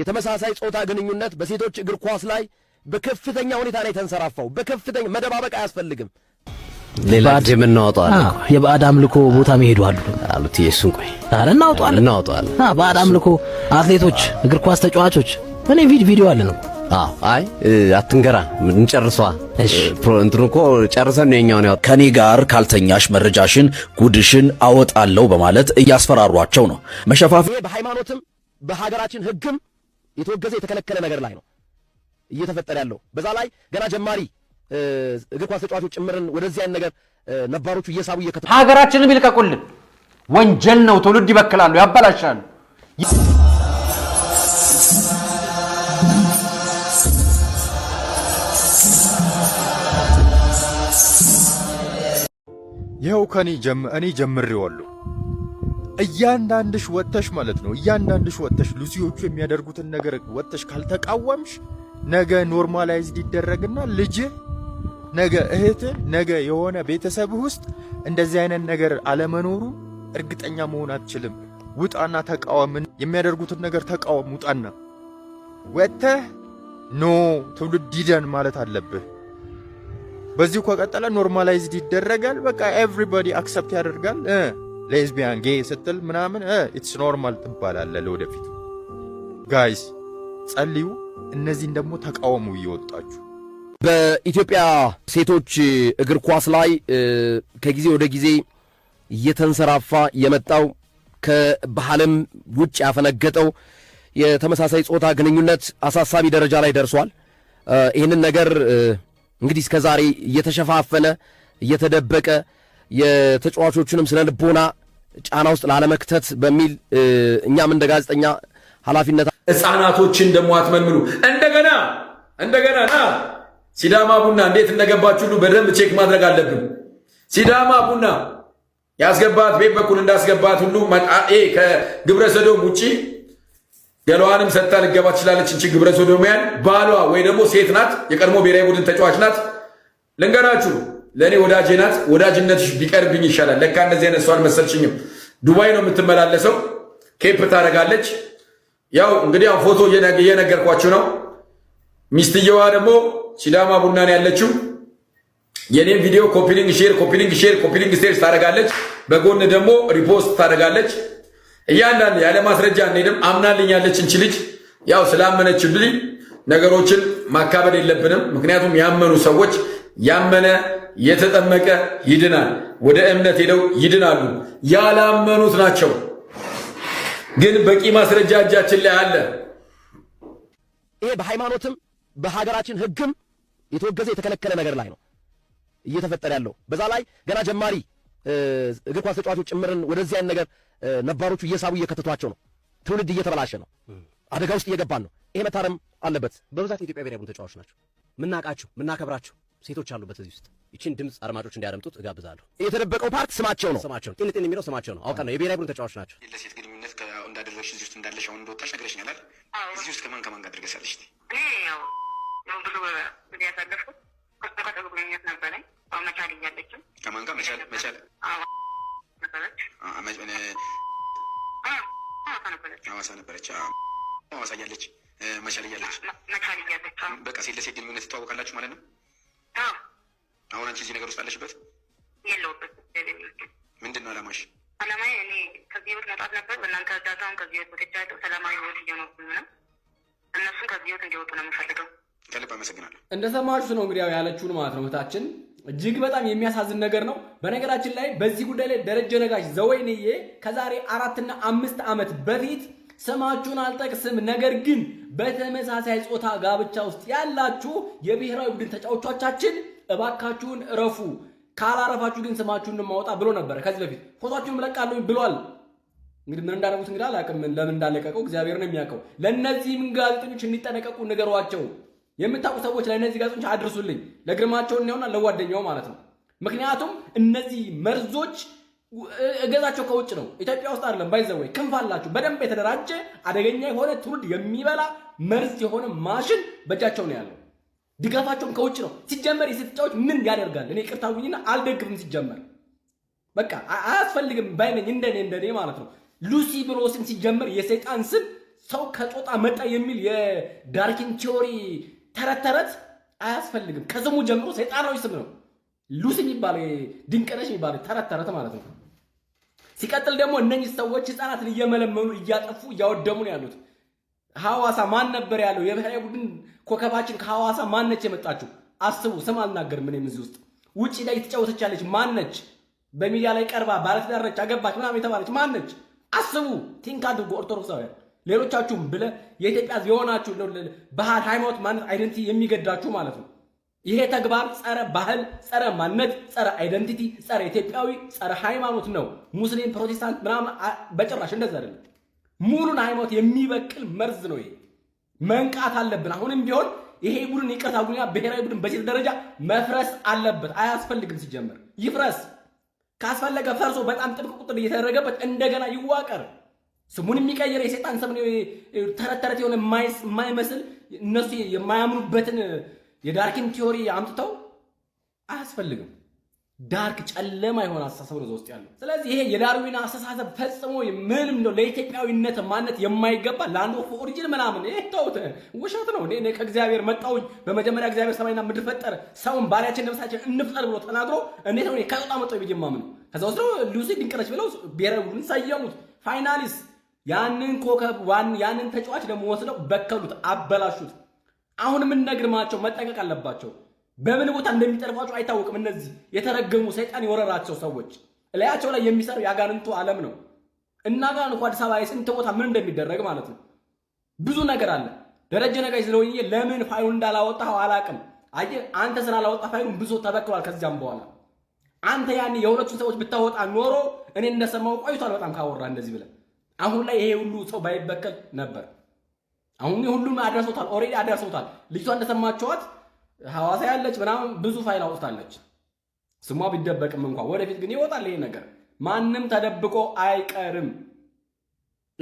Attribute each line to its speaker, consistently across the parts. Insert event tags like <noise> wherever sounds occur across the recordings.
Speaker 1: የተመሳሳይ ጾታ ግንኙነት በሴቶች እግር ኳስ ላይ በከፍተኛ ሁኔታ ላይ ተንሰራፋው። በከፍተኛ መደባበቅ አያስፈልግም።
Speaker 2: ሌላ
Speaker 3: ጊዜ የምናወጣው
Speaker 2: የባዕድ አምልኮ ቦታ መሄዱ አሉ
Speaker 3: አሉት ኢየሱስ ቆይ
Speaker 2: አረ እናወጣዋለን እናወጣዋለን። ባዕድ አምልኮ አትሌቶች፣ እግር ኳስ ተጫዋቾች እኔ ቪድ ቪዲዮ አለ ነው።
Speaker 3: አዎ አይ አትንገራ እንጨርሷ። እንትን እኮ ጨርሰን ነው የኛውን ያው
Speaker 4: ከኔ ጋር ካልተኛሽ መረጃሽን ጉድሽን አወጣለሁ በማለት እያስፈራሯቸው ነው። መሸፋፍ
Speaker 1: በሃይማኖትም በሀገራችን ህግም የተወገዘ የተከለከለ ነገር ላይ ነው እየተፈጠረ ያለው። በዛ ላይ ገና ጀማሪ እግር ኳስ ተጫዋቾች ጭምርን ወደዚህ አይነት ነገር ነባሮቹ እየሳቡ እየከተ
Speaker 2: ሀገራችንም ይልቀቁልን። ወንጀል ነው። ትውልድ ይበክላሉ፣ ያበላሻሉ። ይኸው ከኔ እኔ ጀምሬዋለሁ እያንዳንድሽ ወጥተሽ ማለት ነው እያንዳንድሽ ወጥተሽ ሉሲዎቹ የሚያደርጉትን ነገር ወጥተሽ ካልተቃወምሽ ነገ ኖርማላይዝድ ይደረግና ልጅ ነገ እህት ነገ የሆነ ቤተሰብ ውስጥ እንደዚህ አይነት ነገር አለመኖሩ እርግጠኛ መሆን አትችልም። ውጣና ተቃወም፣ የሚያደርጉትን ነገር ተቃወም። ውጣና ወጥተህ ኖ ትውልድ ዲደን ማለት አለብህ። በዚሁ ከቀጠለ ኖርማላይዝድ ይደረጋል። በቃ ኤቭሪባዲ አክሰፕት ያደርጋል። ሌዝቢያን ጌይ ስትል ምናምን ኢትስ ኖርማል ትባላለ ለወደፊቱ ጋይስ ጸልዩ፣ እነዚህን ደግሞ ተቃወሙ እየወጣችሁ። በኢትዮጵያ ሴቶች እግር ኳስ ላይ ከጊዜ ወደ ጊዜ እየተንሰራፋ የመጣው ከባህልም ውጭ ያፈነገጠው የተመሳሳይ ጾታ ግንኙነት አሳሳቢ ደረጃ ላይ ደርሷል። ይህንን ነገር እንግዲህ እስከ ዛሬ እየተሸፋፈነ እየተደበቀ የተጫዋቾቹንም ስነ ልቦና ጫና ውስጥ ላለመክተት በሚል እኛም እንደ ጋዜጠኛ ኃላፊነት ህፃናቶችን ደግሞ አትመልምሉ። እንደገና እንደገና ና ሲዳማ ቡና እንዴት እንደገባች ሁሉ በደንብ ቼክ ማድረግ አለብን። ሲዳማ ቡና ያስገባት ቤት በኩል እንዳስገባት ሁሉ ከግብረ ሰዶም ውጭ ገለዋንም ሰጥታ ልገባ ትችላለች። እንቺ ግብረ ሰዶሚያን ባሏ ወይ ደግሞ ሴት ናት፣ የቀድሞ ብሔራዊ ቡድን ተጫዋች ናት። ልንገራችሁ ለእኔ ወዳጄ ናት። ወዳጅነትሽ ቢቀርብኝ ይሻላል። ለካ እንደዚህ አይነት ሰው አልመሰልሽኝም። ዱባይ ነው የምትመላለሰው፣ ኬፕ ታደርጋለች። ያው እንግዲህ ያው ፎቶ እየነገርኳችሁ ነው። ሚስትየዋ ደግሞ ሲዳማ ቡና ነው ያለችው። የኔን ቪዲዮ ኮፒሊንግ ሼር፣ ኮፒሊንግ ሼር፣ ኮፒሊንግ ሴር ታደርጋለች። በጎን ደግሞ ሪፖስት ታደርጋለች። እያንዳንድ ያለ ማስረጃ እንሄድም። አምናልኝ ያለች እንች ልጅ ያው ስላመነችብልኝ ነገሮችን ማካበድ የለብንም። ምክንያቱም ያመኑ ሰዎች ያመነ የተጠመቀ ይድናል፣ ወደ እምነት ሄደው ይድናሉ። ያላመኑት ናቸው። ግን በቂ ማስረጃ እጃችን ላይ አለ። ይሄ በሃይማኖትም በሀገራችን ህግም የተወገዘ የተከለከለ ነገር ላይ ነው እየተፈጠረ ያለው። በዛ ላይ ገና ጀማሪ እግር ኳስ ተጫዋቾች ጭምርን ወደዚያን ነገር ነባሮቹ እየሳቡ እየከተቷቸው ነው። ትውልድ እየተበላሸ ነው። አደጋ ውስጥ እየገባን ነው። ይሄ መታረም አለበት። በብዛት የኢትዮጵያ ብሔራዊ ቡድን ተጫዋቾች ናቸው ምናቃቸው ምናከብራቸው ሴቶች አሉበት እዚህ ውስጥ። ይችን ድምፅ አድማጮች እንዲያደምጡት እጋብዛለሁ። የተደበቀው ፓርት ስማቸው ነው ስማቸው ጤን ጤን የሚለው ስማቸው ነው። አውቃለሁ። የብሔራዊ ቡድን ተጫዋች ናቸው።
Speaker 1: ለሴት ግንኙነት እንዳደረግሽ እዚህ ውስጥ እንዳለሽ አሁን እንደወጣሽ ነግረሽኛል አይደል? እዚህ ውስጥ ከማን ከማን ጋር አድርገሻለሽ?
Speaker 5: እኔ ያው ነው ብሎ ጊዜ ያሳለፍኩት ከተከተሉ ግንኙነት ነበረኝ። አሁን መቻል እያለችም
Speaker 1: ከማን ጋር መቻል መቻል ነበረች ሐዋሳ ነበረች ሐዋሳ እያለች መቻል እያለች
Speaker 5: መቻል እያለች
Speaker 1: በቃ ሴት ለሴት ግንኙነት ትተዋወቃላችሁ ማለት ነው አሁን አንቺ እዚህ ነገር ውስጥ አለሽበት? የለውበት። ምንድን ነው አላማሽ?
Speaker 5: አላማ እኔ ከዚህ ህይወት መውጣት ነበር። በእናንተ እርዳታ ከዚህ ህይወት ወጥቻለሁ። ሰላማዊ ህይወት እየኖርኩኝ ነው። እነሱም ከዚህ ህይወት እንዲወጡ ነው የምፈልገው።
Speaker 1: ከልብ አመሰግናለሁ።
Speaker 2: እንደሰማችሁት ነው እንግዲህ ያለችውን ማለት ነው እህታችን። እጅግ በጣም የሚያሳዝን ነገር ነው። በነገራችን ላይ በዚህ ጉዳይ ላይ ደረጀ ነጋሽ ዘወይንዬ ከዛሬ አራትና አምስት ዓመት በፊት ስማችሁን አልጠቅስም፣ ነገር ግን በተመሳሳይ ጾታ ጋብቻ ውስጥ ያላችሁ የብሔራዊ ቡድን ተጫዋቾቻችን እባካችሁን እረፉ፣ ካላረፋችሁ ግን ስማችሁን ማውጣ ብሎ ነበረ። ከዚህ በፊት ፎቷችሁን እለቃለሁ ብሏል። እንግዲህ ምን እንዳደረጉት እንግዲህ አላውቅም፣ ለምን እንዳለቀቀው እግዚአብሔር ነው የሚያውቀው። ለእነዚህም ጋዜጠኞች እንዲጠነቀቁ ንገሯቸው። የምታውቁ ሰዎች ለእነዚህ ጋዜጠኞች አድርሱልኝ፣ ለግርማቸው ነውና ለጓደኛው ማለት ነው። ምክንያቱም እነዚህ መርዞች እገዛቸው ከውጭ ነው፣ ኢትዮጵያ ውስጥ አይደለም። ባይዘወይ ክንፍ አላቸው። በደንብ የተደራጀ አደገኛ የሆነ ትውልድ የሚበላ መርዝ የሆነ ማሽን በእጃቸው ነው ያለው። ድጋፋቸውም ከውጭ ነው። ሲጀመር የሴት ተጫዋች ምን ያደርጋል? እኔ ቅርታ ሁኝና አልደግፍም። ሲጀመር በቃ አያስፈልግም ባይነኝ እንደኔ እንደኔ ማለት ነው። ሉሲ ብሎ ስም ሲጀመር የሰይጣን ስም ሰው ከጦጣ መጣ የሚል የዳርኪን ቲዮሪ ተረት ተረት አያስፈልግም። ከስሙ ጀምሮ ሰይጣናዊ ስም ነው ሉሲ የሚባለ ድንቅነሽ የሚባለ ተረት ተረት ማለት ነው። ሲቀጥል ደግሞ እነኚህ ሰዎች ህፃናትን እየመለመሉ እያጠፉ እያወደሙ ነው ያሉት። ሐዋሳ ማን ነበር ያለው? የብሔራዊ ቡድን ኮከባችን ከሐዋሳ ማነች የመጣችው? አስቡ። ስም አልናገርም እኔም እዚህ ውስጥ ውጪ ላይ የተጫወተች ያለች ማነች? በሚዲያ ላይ ቀርባ ባለትዳር ነች፣ አገባች ምናምን የተባለች ነች? አስቡ። ቲንክ አድርጎ ኦርቶዶክሳውያን፣ ሌሎቻችሁም ብለ የኢትዮጵያ የሆናችሁ ባህል፣ ሃይማኖት፣ ማንነት አይደንቲ የሚገዳችሁ ማለት ነው። ይሄ ተግባር ጸረ ባህል፣ ጸረ ማንነት፣ ጸረ አይደንቲቲ፣ ጸረ ኢትዮጵያዊ፣ ጸረ ሃይማኖት ነው። ሙስሊም ፕሮቴስታንት ምናምን በጭራሽ እንደዛ አይደለም። ሙሉን ሃይማኖት የሚበቅል መርዝ ነው። ይሄ መንቃት አለብን። አሁንም ቢሆን ይሄ ቡድን ይቅርታ ጉያ ብሔራዊ ቡድን በሴት ደረጃ መፍረስ አለበት። አያስፈልግም። ሲጀምር ይፍረስ። ካስፈለገ ፈርሶ በጣም ጥብቅ ቁጥር እየተደረገበት እንደገና ይዋቀር። ስሙን የሚቀይር የሴጣን ስም ተረተረት የሆነ የማይመስል እነሱ የማያምኑበትን የዳርኪን ቲዮሪ አምጥተው አያስፈልግም። ዳርክ ጨለማ የሆነ አስተሳሰብ ነው ውስጥ ያለው። ስለዚህ ይሄ የዳርዊን አስተሳሰብ ፈጽሞ ምንም ነው ለኢትዮጵያዊነት ማነት የማይገባ ላንድ ኦፍ ኦሪጂን ምናምን ይሄ ተውት፣ ውሸት ነው። እኔ ከእግዚአብሔር መጣሁኝ፣ በመጀመሪያ እግዚአብሔር ሰማይና ምድር ፈጠረ፣ ሰውን ባሪያችን ለብሳችን እንፍጠር ብሎ ተናግሮ እኔ ነው ከጣጣ መጣው ቢጀማም ነው። ከዛ ወስዶ ሉሲ ድንቅነች ብለው ብሔራዊ ቡድን ሰየሙት። ፋይናሊስ ያንን ኮከብ ዋን ያንን ተጫዋች ደግሞ ወስደው በከሉት፣ አበላሹት። አሁን ምን ነግርማቸው መጠንቀቅ አለባቸው። በምን ቦታ እንደሚጠልፏቸው አይታወቅም። እነዚህ የተረገሙ ሰይጣን የወረራቸው ሰዎች እላያቸው ላይ የሚሰራው ያጋንንቱ ዓለም ነው እና ጋር እንኳ አዲስ አበባ ስንት ቦታ ምን እንደሚደረግ ማለት ነው። ብዙ ነገር አለ። ደረጀ ነጋሽ ስለሆነ ለምን ፋይሉን እንዳላወጣው አላውቅም። አየ አንተ ስላላወጣ ፋይሉን ብዙ ተበክሏል። ከዚያም በኋላ አንተ ያኔ የሁለቱን ሰዎች ብታወጣ ኖሮ እኔ እንደሰማው ቆይቷል። በጣም ካወራ እንደዚህ ብለ አሁን ላይ ይሄ ሁሉ ሰው ባይበከል ነበር። አሁን ሁሉም አድረሰውታል። ኦልሬዲ አድረሰውታል። ልጅቷ እንደሰማችኋት ሐዋሳ ያለች ምናምን ብዙ ፋይል አውጥታለች። ስሟ ቢደበቅም እንኳን ወደፊት ግን ይወጣል ይሄ ነገር። ማንም ተደብቆ አይቀርም።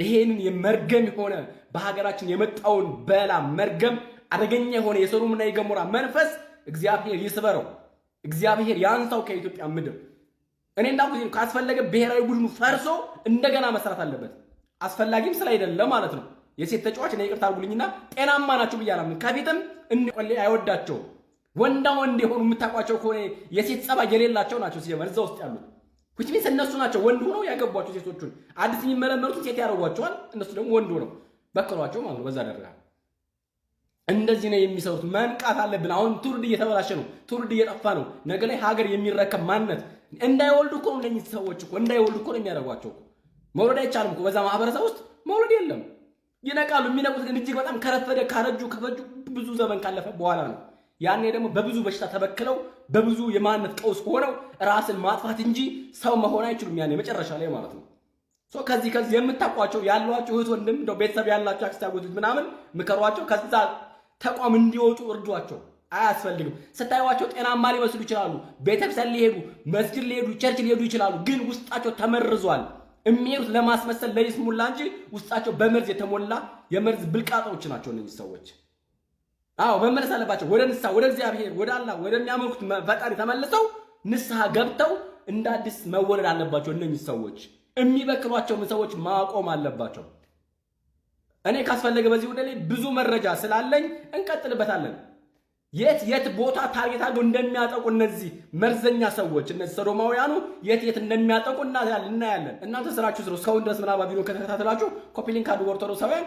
Speaker 2: ይሄንን የመርገም የሆነ በሀገራችን የመጣውን በላ መርገም አደገኛ የሆነ የሰዶምና የገሞራ መንፈስ እግዚአብሔር ይስበረው፣ እግዚአብሔር ያንሳው ከኢትዮጵያ ምድር። እኔ እንዳልኩት ካስፈለገ ብሔራዊ ቡድኑ ፈርሶ እንደገና መስራት አለበት። አስፈላጊም ስላይደለም ማለት ነው። የሴት ተጫዋች ነው። ይቅርታ አድርጉልኝና ጤናማ ናቸው ብዬ አላምንም። ከፊትም እንዲቆሌ አይወዳቸው ወንዳ ወንድ የሆኑ የምታውቋቸው ከሆነ የሴት ጸባይ የሌላቸው ናቸው። ሲጀመር እዛ ውስጥ ያሉት ዊችሚንስ እነሱ ናቸው ወንድ ሆነው ያገቧቸው ሴቶቹን አዲስ የሚመለመሉትን ሴት ያደርጓቸዋል። እነሱ ደግሞ ወንድ ሆነው በቀሏቸው ማለት ነው። በዛ ደረጋል። እንደዚህ ነው የሚሰሩት። መንቃት አለብን። አሁን ትውልድ እየተበላሸ ነው። ትውልድ እየጠፋ ነው። ነገ ላይ ሀገር የሚረከብ ማንነት እንዳይወልዱ እኮ ነው እነኝህ ሰዎች እኮ እንዳይወልዱ እኮ ነው የሚያደርጓቸው። መውለድ አይቻልም እኮ በዛ ማህበረሰብ ውስጥ መውለድ የለም። ይነቃሉ። የሚነቁት ግን እጅግ በጣም ከረፈደ ካረጁ ከፈጁ ብዙ ዘመን ካለፈ በኋላ ነው። ያኔ ደግሞ በብዙ በሽታ ተበክለው በብዙ የማንነት ቀውስ ሆነው ራስን ማጥፋት እንጂ ሰው መሆን አይችሉም። ያኔ መጨረሻ ላይ ማለት ነው። ከዚህ ከዚህ የምታውቋቸው ያሏቸው እህት ወንድም፣ እንደው ቤተሰብ ያላቸው አክስት፣ ምናምን ምከሯቸው። ከዛ ተቋም እንዲወጡ እርዷቸው። አያስፈልግም። ስታዩዋቸው ጤናማ ሊመስሉ ይችላሉ። ቤተክርስቲያን ሊሄዱ፣ መስጊድ ሊሄዱ፣ ቸርች ሊሄዱ ይችላሉ። ግን ውስጣቸው ተመርዟል። የሚሄዱት ለማስመሰል ለይስሙላ እንጂ ውስጣቸው በመርዝ የተሞላ የመርዝ ብልቃጦች ናቸው እነዚህ ሰዎች። አዎ መመለስ አለባቸው ወደ ንስሐ ወደ እግዚአብሔር ወደ አላህ ወደሚያመልኩት ፈጣሪ ተመልሰው ንስሐ ገብተው እንደ አዲስ መወለድ አለባቸው። እነዚህ ሰዎች የሚበክሏቸውን ሰዎች ማቆም አለባቸው። እኔ ካስፈለገ በዚህ ጉዳይ ላይ ብዙ መረጃ ስላለኝ እንቀጥልበታለን። የት የት ቦታ ታርጌት ታጌታሉ እንደሚያጠቁ እነዚህ መርዘኛ ሰዎች እነዚህ ሰዶማውያኑ የት የት እንደሚያጠቁ እናያለን። እናንተ ስራችሁ ስሩ። እስካሁን ድረስ ምናባ ቪዲዮ ከተከታተላችሁ ኮፒሊንክ አድርጉ። ኦርቶዶክሳውያን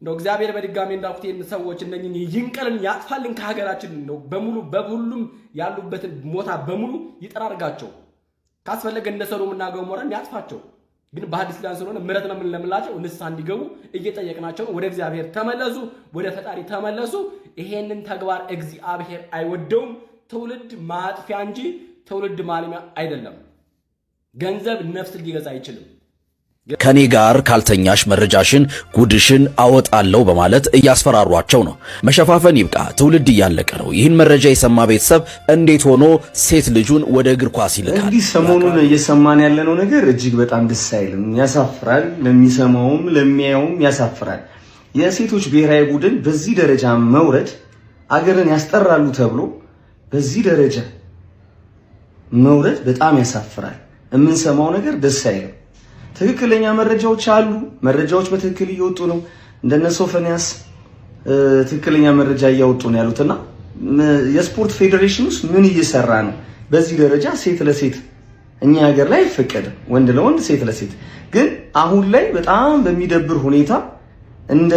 Speaker 2: እንደው እግዚአብሔር በድጋሚ እንዳልኩት ይህን ሰዎች እነ ይንቀልን ያጥፋልን ከሀገራችን ነው በሙሉ በሁሉም ያሉበትን ሞታ በሙሉ ይጠራርጋቸው። ካስፈለገ እንደ ሰዶምና ገሞራን ያጥፋቸው። ግን በአዲስ ኪዳን ስለሆነ ምሕረት ነው የምንለምላቸው። ንስሐ እንዲገቡ እየጠየቅናቸው ወደ እግዚአብሔር ተመለሱ፣ ወደ ፈጣሪ ተመለሱ። ይሄንን ተግባር እግዚአብሔር አይወደውም። ትውልድ ማጥፊያ እንጂ ትውልድ ማልሚያ አይደለም። ገንዘብ ነፍስ ሊገዛ አይችልም።
Speaker 4: ከኔ ጋር ካልተኛሽ መረጃሽን ጉድሽን አወጣለሁ በማለት እያስፈራሯቸው ነው። መሸፋፈን ይብቃ፣ ትውልድ እያለቀ ነው። ይህን መረጃ የሰማ ቤተሰብ እንዴት ሆኖ ሴት ልጁን ወደ እግር ኳስ ይልካል?
Speaker 2: እንዲህ ሰሞኑን እየሰማን ያለነው ነገር እጅግ በጣም ደስ አይልም፣ ያሳፍራል። ለሚሰማውም ለሚያየውም ያሳፍራል። የሴቶች ብሔራዊ ቡድን በዚህ ደረጃ መውረድ አገርን ያስጠራሉ ተብሎ በዚህ ደረጃ መውረድ በጣም ያሳፍራል። የምንሰማው ነገር ደስ አይልም። ትክክለኛ መረጃዎች አሉ። መረጃዎች በትክክል እየወጡ ነው። እንደነ ሶፈንያስ ትክክለኛ መረጃ እያወጡ ነው ያሉትና የስፖርት ፌዴሬሽን ውስጥ ምን እየሰራ ነው? በዚህ ደረጃ ሴት ለሴት እኛ ሀገር ላይ አይፈቀድም፣ ወንድ ለወንድ ሴት ለሴት ግን አሁን ላይ በጣም በሚደብር ሁኔታ እንደ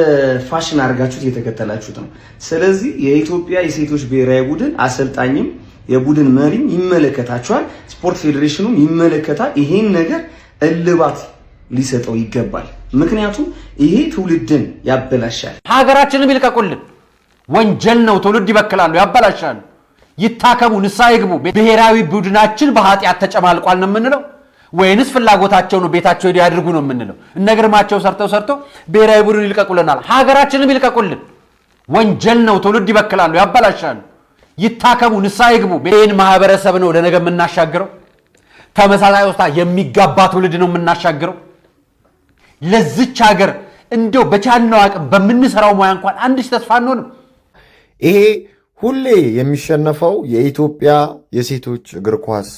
Speaker 2: ፋሽን አድርጋችሁት እየተከተላችሁት ነው። ስለዚህ የኢትዮጵያ የሴቶች ብሔራዊ ቡድን አሰልጣኝም የቡድን መሪም ይመለከታችኋል፣ ስፖርት ፌዴሬሽኑም ይመለከታል። ይሄን ነገር እልባት ሊሰጠው ይገባል። ምክንያቱም ይሄ ትውልድን ያበላሻል። ሀገራችንም ይልቀቁልን፣ ወንጀል ነው። ትውልድ ይበክላሉ፣ ያበላሻሉ። ይታከሙ፣ ንስሐ ይግቡ። ብሔራዊ ቡድናችን በኃጢአት ተጨማልቋል ነው የምንለው። ወይንስ ፍላጎታቸው ነው ቤታቸው ሄደ ያድርጉ ነው የምንለው። እነ ግርማቸው ሰርተው ሰርቶ ብሔራዊ ቡድን ይልቀቁልናል፣ ሀገራችንም ይልቀቁልን። ወንጀል ነው። ትውልድ ይበክላሉ፣ ያበላሻሉ። ይታከሙ፣ ንስሓ ይግቡ። ይህን ማህበረሰብ ነው ለነገ የምናሻግረው። ተመሳሳይ ውስታ የሚጋባ ትውልድ ነው የምናሻግረው። ለዚች ሀገር እንደው በቻልነው አቅም በምንሰራው ሙያ እንኳን አንድ ተስፋ አንሆንም። ይሄ ሁሌ የሚሸነፈው የኢትዮጵያ የሴቶች እግር ኳስ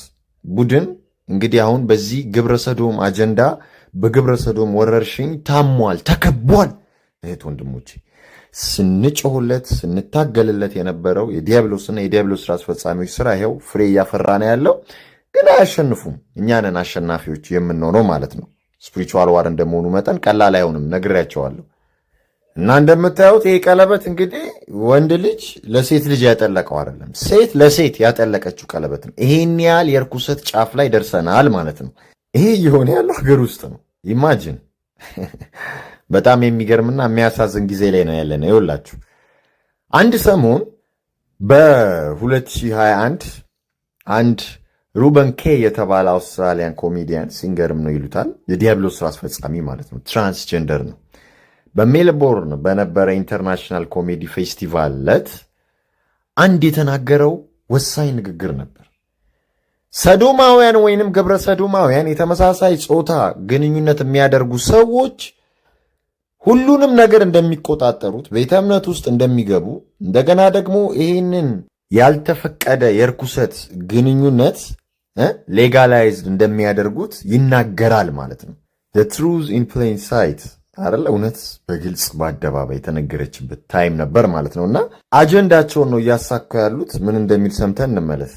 Speaker 2: ቡድን እንግዲህ አሁን በዚህ ግብረሰዶም አጀንዳ በግብረ ሰዶም ወረርሽኝ ታሟል፣ ተከቧል። እህት ወንድሞቼ ስንጮሁለት ስንታገልለት የነበረው የዲያብሎስና የዲያብሎስ ስራ አስፈጻሚዎች ስራ ይኸው ፍሬ እያፈራ ነው ያለው። ግን አያሸንፉም። እኛንን አሸናፊዎች የምንሆነው ማለት ነው። ስፕሪቹዋል ዋር እንደመሆኑ መጠን ቀላል አይሆንም። ነግሬያቸዋለሁ። እና እንደምታዩት ይህ ቀለበት እንግዲህ ወንድ ልጅ ለሴት ልጅ ያጠለቀው አይደለም፣ ሴት ለሴት ያጠለቀችው ቀለበት ነው። ይሄን ያህል የእርኩሰት ጫፍ ላይ ደርሰናል ማለት ነው። ይሄ እየሆነ ያለው ሀገር ውስጥ ነው። ኢማጂን <laughs> በጣም የሚገርምና የሚያሳዝን ጊዜ ላይ ነው ያለ ነው። ይውላችሁ አንድ ሰሞን በ2021 አንድ ሩበን ኬ የተባለ አውስትራሊያን ኮሜዲያን ሲንገርም ነው ይሉታል የዲያብሎ ስራ አስፈጻሚ ማለት ነው። ትራንስጀንደር ነው በሜልቦርን በነበረ ኢንተርናሽናል ኮሜዲ ፌስቲቫል ዕለት አንድ የተናገረው ወሳኝ ንግግር ነበር። ሰዶማውያን ወይንም ግብረ ሰዶማውያን የተመሳሳይ ጾታ ግንኙነት የሚያደርጉ ሰዎች ሁሉንም ነገር እንደሚቆጣጠሩት፣ ቤተ እምነት ውስጥ እንደሚገቡ፣ እንደገና ደግሞ ይህንን ያልተፈቀደ የርኩሰት ግንኙነት ሌጋላይዝድ እንደሚያደርጉት ይናገራል ማለት ነው። ትሩዝ ኢን ፕሌን ሳይት አደለ እውነት በግልጽ በአደባባይ የተነገረችበት ታይም ነበር ማለት ነው። እና አጀንዳቸውን ነው እያሳኩ ያሉት ምን እንደሚል ሰምተን እንመለስ።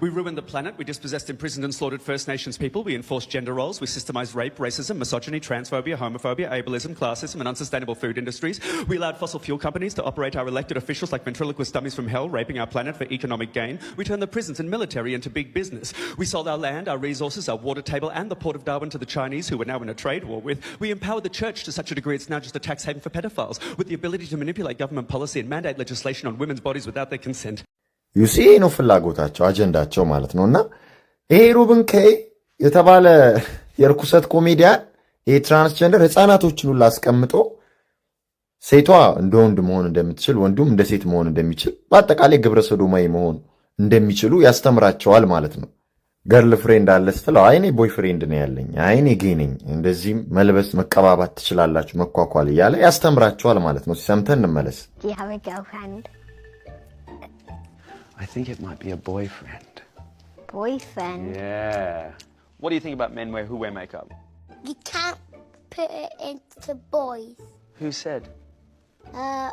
Speaker 6: We ruined the planet. We dispossessed, imprisoned, and slaughtered First Nations people. We enforced gender roles. We systemized rape, racism, misogyny, transphobia, homophobia, ableism, classism, and unsustainable food industries. We allowed fossil fuel companies to operate our elected officials like ventriloquist dummies from hell, raping our planet for economic gain. We turned the prisons and military into big business. We sold our land, our resources, our water table, and the port of Darwin to the Chinese, who we're now in a trade war with. We empowered the church to such a degree it's now just a tax haven for pedophiles, with the ability to manipulate government policy and mandate legislation on women's bodies without their consent.
Speaker 2: ዩሲ ነው ፍላጎታቸው፣ አጀንዳቸው ማለት ነው። እና ይሄ ሩብን ከይ የተባለ የርኩሰት ኮሜዲያን ይሄ ትራንስጀንደር ህፃናቶችን ሁሉ አስቀምጦ ሴቷ እንደ ወንድ መሆን እንደምትችል ወንዱም እንደ ሴት መሆን እንደሚችል በአጠቃላይ ግብረ ሰዶማዊ መሆን እንደሚችሉ ያስተምራቸዋል ማለት ነው። ገርል ፍሬንድ አለ ስትለው አይኔ ቦይ ፍሬንድ ነው ያለኝ፣ አይኔ ጌ ነኝ፣ እንደዚህም መልበስ መቀባባት ትችላላችሁ፣ መኳኳል እያለ ያስተምራቸዋል ማለት ነው። ሲሰምተን እንመለስ። I think it might be a boyfriend. Boyfriend? Yeah. What do you think about men wear, who wear makeup? You can't put it into boys. Who said? Uh,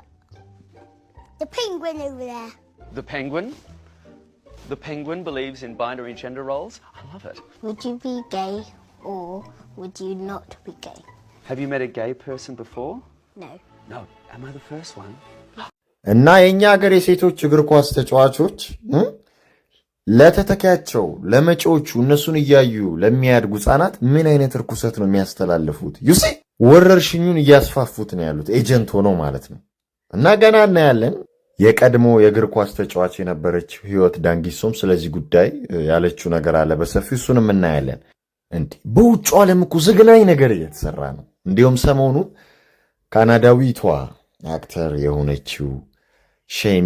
Speaker 2: the penguin over there. The penguin? The penguin believes in binary gender roles? I love it. Would you be gay or would you not be gay? Have you met a gay person before? No. No. Am I the first one? እና የእኛ ሀገር የሴቶች እግር ኳስ ተጫዋቾች ለተተኪያቸው ለመጪዎቹ እነሱን እያዩ ለሚያድጉ ህጻናት ምን አይነት እርኩሰት ነው የሚያስተላልፉት? ዩሲ ወረርሽኙን እያስፋፉት ነው ያሉት ኤጀንት ሆነው ማለት ነው። እና ገና እናያለን። የቀድሞ የእግር ኳስ ተጫዋች የነበረችው ህይወት ዳንጊሶም ስለዚህ ጉዳይ ያለችው ነገር አለ በሰፊው እሱንም እናያለን። እንዲህ በውጭ ዓለም እኮ ዘግናኝ ነገር እየተሰራ ነው። እንዲሁም ሰሞኑ ካናዳዊቷ አክተር የሆነችው ሼይ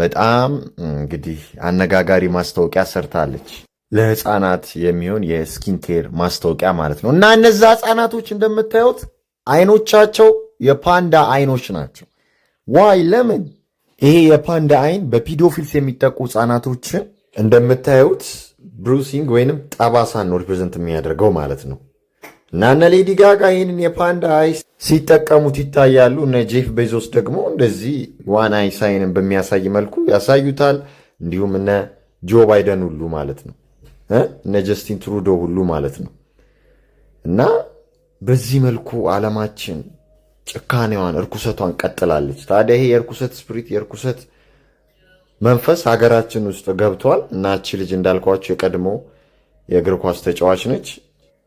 Speaker 2: በጣም እንግዲህ አነጋጋሪ ማስታወቂያ ሰርታለች። ለህፃናት የሚሆን የስኪን ኬር ማስታወቂያ ማለት ነው። እና እነዛ ህፃናቶች እንደምታዩት አይኖቻቸው የፓንዳ አይኖች ናቸው። ዋይ ለምን ይሄ የፓንዳ አይን በፒዶፊልስ የሚጠቁ ህፃናቶችን እንደምታዩት ብሩሲንግ ወይንም ጠባሳን ሪፕሬዘንት የሚያደርገው ማለት ነው። እና እነ ሌዲ ጋጋ ይህንን የፓንዳ አይስ ሲጠቀሙት ይታያሉ። እነ ጄፍ ቤዞስ ደግሞ እንደዚህ ዋን አይስ አይንን በሚያሳይ መልኩ ያሳዩታል። እንዲሁም እነ ጆ ባይደን ሁሉ ማለት ነው እነ ጀስቲን ትሩዶ ሁሉ ማለት ነው። እና በዚህ መልኩ ዓለማችን ጭካኔዋን እርኩሰቷን ቀጥላለች። ታዲያ ይሄ የእርኩሰት ስፕሪት የእርኩሰት መንፈስ ሀገራችን ውስጥ ገብቷል። እናች ልጅ እንዳልኳቸው የቀድሞ የእግር ኳስ ተጫዋች ነች።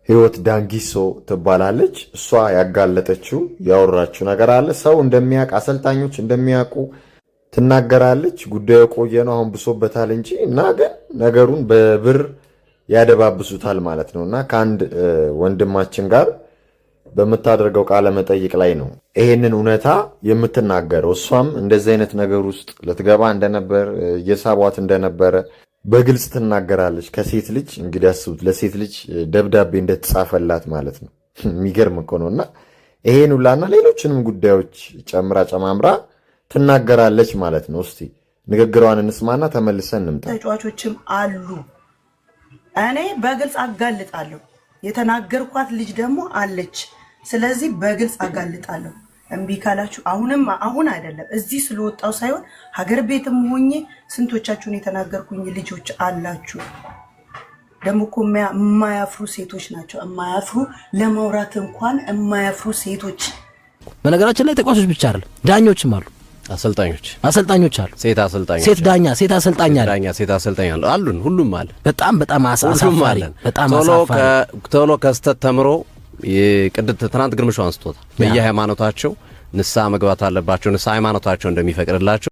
Speaker 2: ህይወት ዳንጊሶ ትባላለች። እሷ ያጋለጠችው ያወራችው ነገር አለ። ሰው እንደሚያውቅ አሰልጣኞች እንደሚያውቁ ትናገራለች። ጉዳዩ ቆየ ነው፣ አሁን ብሶበታል እንጂ እና ግን ነገሩን በብር ያደባብሱታል ማለት ነው እና ከአንድ ወንድማችን ጋር በምታደርገው ቃለ መጠይቅ ላይ ነው ይሄንን እውነታ የምትናገረው። እሷም እንደዚህ አይነት ነገር ውስጥ ልትገባ እንደነበር እየሳቧት እንደነበረ በግልጽ ትናገራለች። ከሴት ልጅ እንግዲህ አስቡት፣ ለሴት ልጅ ደብዳቤ እንደተጻፈላት ማለት ነው። የሚገርም እኮ ነው። እና ይሄን ሁላና ሌሎችንም ጉዳዮች ጨምራ ጨማምራ ትናገራለች ማለት ነው። እስቲ ንግግሯን እንስማና ተመልሰን እንምጣ። ተጫዋቾችም አሉ። እኔ በግልጽ አጋልጣለሁ። የተናገርኳት ልጅ ደግሞ አለች። ስለዚህ በግልጽ አጋልጣለሁ። እምቢ ካላችሁ አሁንም አሁን አይደለም እዚህ ስለወጣው ሳይሆን ሀገር ቤትም ሆኜ ስንቶቻችሁን የተናገርኩኝ ልጆች አላችሁ። ደግሞ እኮ የማያፍሩ ሴቶች ናቸው። የማያፍሩ ለማውራት እንኳን የማያፍሩ ሴቶች። በነገራችን ላይ ተቋሶች ብቻ አይደለም ዳኞችም አሉ። አሰልጣኞች አሰልጣኞች አሉ። ሴት አሰልጣኞች፣ ሴት ዳኛ፣ ሴት አሰልጣኛ ዳኛ፣ ሴት አሰልጣኛ አሉን። ሁሉም አለ። በጣም በጣም አሳፋሪ፣ በጣም አሳፋሪ። ቶሎ ከስተት ተምሮ የቅድት ትናንት ግርምሾ አንስቶታል። በየሃይማኖታቸው ንስሐ መግባት አለባቸው። ንስሐ ሃይማኖታቸው እንደሚፈቅድላቸው